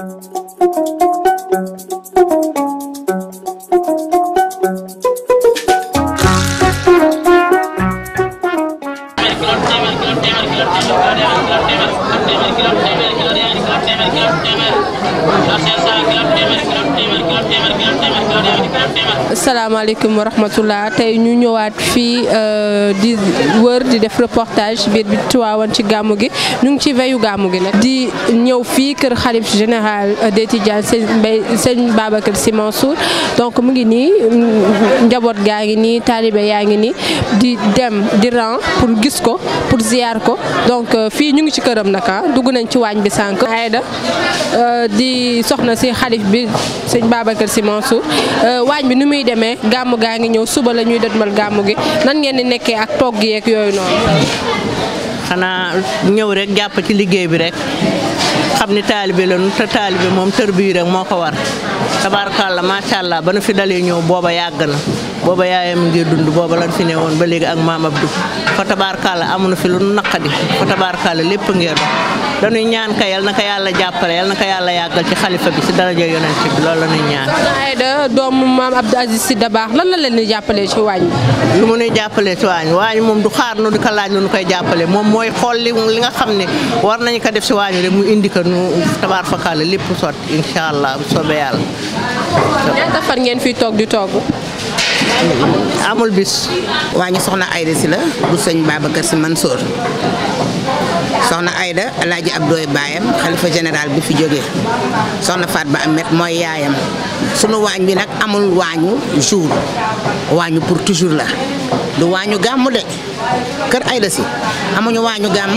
Thank you. asalaamaaleykum wa rahmatullah tey ñu ñëwaat fi euh, di wër di def reportage biir bi tuwaawoon ci gàmmu gi ñu ngi ci veyu gàmmu gi nag di ñëw fii kër xalif général euh, des Tidianes sëñ Mbaye sëñ Babacar Sy donc mu ngi nii mm, njaboot gaa ngi nii taalibe yaa ngi nii di dem di ran pour gis ko pour ziar ko donc euh, fii ñu ngi ci këram naka dugg nañ ci waañ bi sànq. Aïda euh, di soxna si xalif bi sëñ Babacar Sy Mansour euh, waañ bi ni muy demee gàmmu gaa ngi ñëw suba la ñuy dëdmal gàmmu gi nan ngeen di nekkee ak togg yeeg yooyu noonu. xanaa ñëw rek jàpp ci liggéey bi rek xam ni taalibe lañu te taalibe moom tër bii rek moo ko war tabaarkalla macha allah ba nu fi dalee ñëw booba yàgg na. booba yaayam ngir dund booba lan fi ne woon ba léegi ak maam Abdou fa tabaarkàlla amuñu fi lu naqadi fa tabaarkàlla lépp ngir dox dañuy ñaan ka na yàlla jàppale na ko yàlla yàggal ci xalifa bi si daraja yonent bi la ñuy ñaan. soxna Aida doomu maam Abdou Aziz Sy lan la leen di jàppalee ci waañ bi. lu mu nuy jàppalee ci moom du xaar nu di ko laaj lu nu koy jàppale moom mooy xool li nga xam ne war nañu ko def si waañ mu indi ko nu tabaar fa kàlla lépp sotti incha allah bu soobee yàlla. ñaata fan ngeen fiy toog di togg. amul bis waa soxna Ayda si la bu sëñ Babacar si Mansour soxna Ayda alaaji Abdooy baayam xalifa général bi fi jógee soxna Faat Ba Amet mooy yaayam sunu waañ bi nag amul waañu jour waañu pour toujours la du waañu gàmm de kër Ayda si amuñu waañu gàmm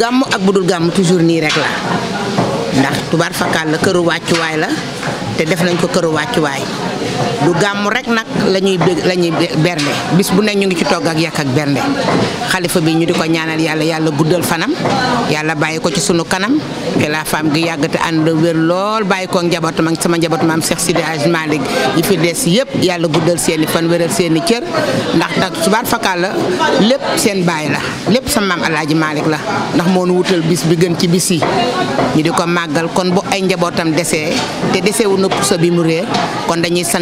gàmm ak budul gàmm toujours nii rek la ndax tubaar fakkaal la këru wàccuwaay la te def nañ ko këru wàccuwaay du gàmm rek nag la ñuy la ñuy bernde bis bu ne ñu ngi ci togg ak yàq ak bernde xalifa bi ñu di ko ñaanal yàlla yàlla guddal fanam yàlla bàyyi ko ci sunu kanam te la femme gi yàgg te ànd wér lool bàyyi ko njabootam ak sama njaboot seex si Sidi Hadj Malick yi fi des yëpp yàlla guddal seen i fan wéral seen i cër ndax nag subaar fakkaal la lépp seen bàyyi la lépp sama maam El la ndax moo nu wutal bis bi gën ci bis yi ñu di ko màggal kon bu ay njabootam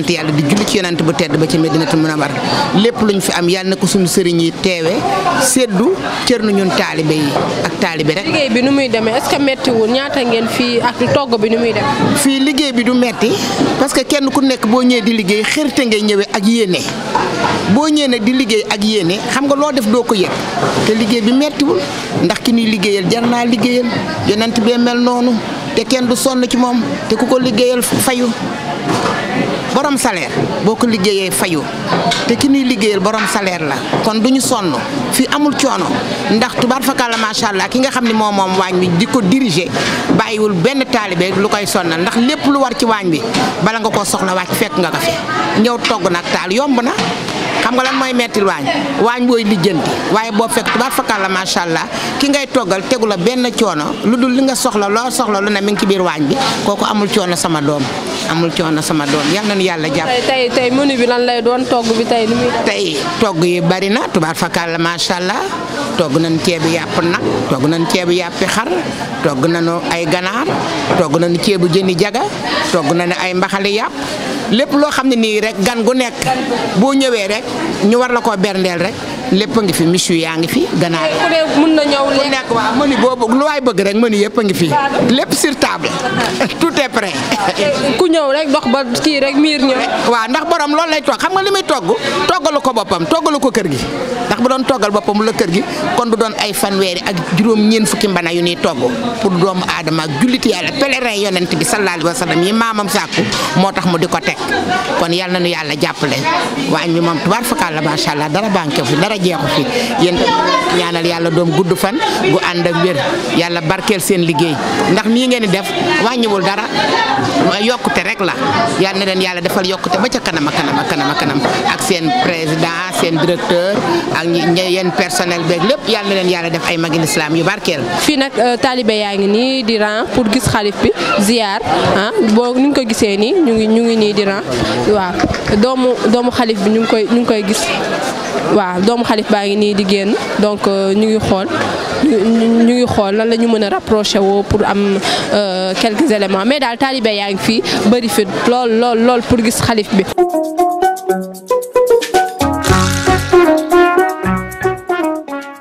sant yàlla di julli ci yonent bu tedd ba ci Medinatul Munawwar lépp ñu fi am yàlla na ko suñu sëriñ yi teewe seddu cër na ñun taalibe yi ak taalibe rek. liggéey bi nu muy demee est-ce ñaata ngeen fii ak togg bi nu muy dem. fii liggéey bi du metti parce que kenn ku nekk boo ñëwee di liggéey xërte ngay ñëwee ak yéene boo ñëwee nag di liggéey ak yéene xam nga loo def doo ko yëg te liggéey bi mettiwul ndax ki ñuy liggéeyal jar naa liggéeya yonent bee mel noonu te kenn du sonn ci moom te ko liggéeyal fayu borom salaire boo ko liggéeyee fayu te ki ñuy liggéeyal borom salaire la kon du ñu sonn fii amul coono ndax tubaar fakal la macha allah ki nga xam ne moom moom waañ bi di ko diriger bàyyiwul benn taalibe lu koy sonnal ndax lépp lu war ci waañ bi bala nga koo soxla wàcc fekk nga ko fi ñëw togg nag taal yomb na. xam nga lan mooy mettil waañ waañ booy lijjanti waaye boo fekk tubaab fakal la macha allah ki ngay toggal tegu la benn coono lu dul li nga soxla loo soxla lu ne mi ngi ci biir waañ bi kooku amul coono sama doom amul coono sama doom yal nañu yàlla jàpp. tey tey tey bi lan lay doon togg bi tey tey yi bari na tubaab fakal la macha allah togg nañ ceebu yàpp nag togg nañ ceebu yàppi xar togg nañu ay ganaar togg nañu ceebu jëni jaga togg nañu ay mbaxali yàpp. lépp loo xam ne nii rek gan gu nekk boo ñëwee rek ñu war la koo berndeel rek lépp a ngi fi michu yaa ngi fi ganaar ku nekk waaw mënu boobu lu waay bëgg rek mënu yëpp a ngi fi lépp sur table tout est prêt ku ñëw rek dox ba kii rek miir ñëw waaw ndax borom loolu lay toog xam nga li muy togg toggalu ko boppam toggalu ko kër gi ndax bu doon toggal boppam la kër gi kon du doon ay fanweeri ak juróom ñeen fukki mbana yu ñuy togg pour doomu aadama ak jullit yàlla pèlerin yonent bi sallallahu alayhi wa sallam yi maamam sàkku moo tax mu di ko teg kon yàlla yàlla jàppale waañ dara banque dara jeexu fi yéen ñaanal yàlla doom gudd fan gu ànd ak wér yàlla barkeel seen liggéey ndax nii ngeen di def wàññiwul dara yokkute rek la yal na leen yàlla defal yokkute ba ca kanam a kanam a kanam a kanam ak seen président seen directeur ak yenn personnel beeg lépp yàlla na leen yàlla def ay magin islam yu barkeel. fi nag euh, taalibe yaa ngi nii di pour gis xalif bi ziar ah boo ni nga ko gisee nii ñu ngi ñu ngi nii di ran doomu doomu xalif bi ñu ngi koy ngi koy gis waaw doomu xalif baa ngi nii di génn donc euh, ñu ngi xool ñu ngi xool lan la ñu mën a rapproché woo pour am euh, quelques éléments mais daal taalibe yaa ngi fii bëri fi lool lool lool pour gis xalif bi.